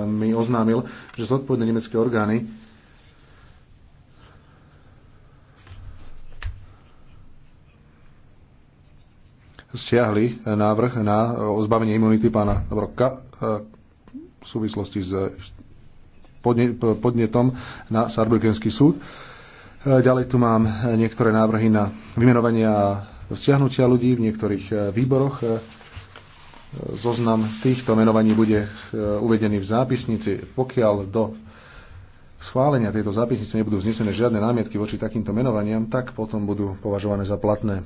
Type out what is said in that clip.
mi oznámil, že zodpovedné nemecké orgány stiahli návrh na zbavenie imunity pána Broka e, v súvislosti s podnetom na Sarbrückenský súd. E, ďalej tu mám niektoré návrhy na vymenovania a stiahnutia ľudí v niektorých e, výboroch zoznam týchto menovaní bude e, uvedený v zápisnici. Pokiaľ do schválenia tejto zápisnice nebudú vznesené žiadne námietky voči takýmto menovaniam, tak potom budú považované za platné.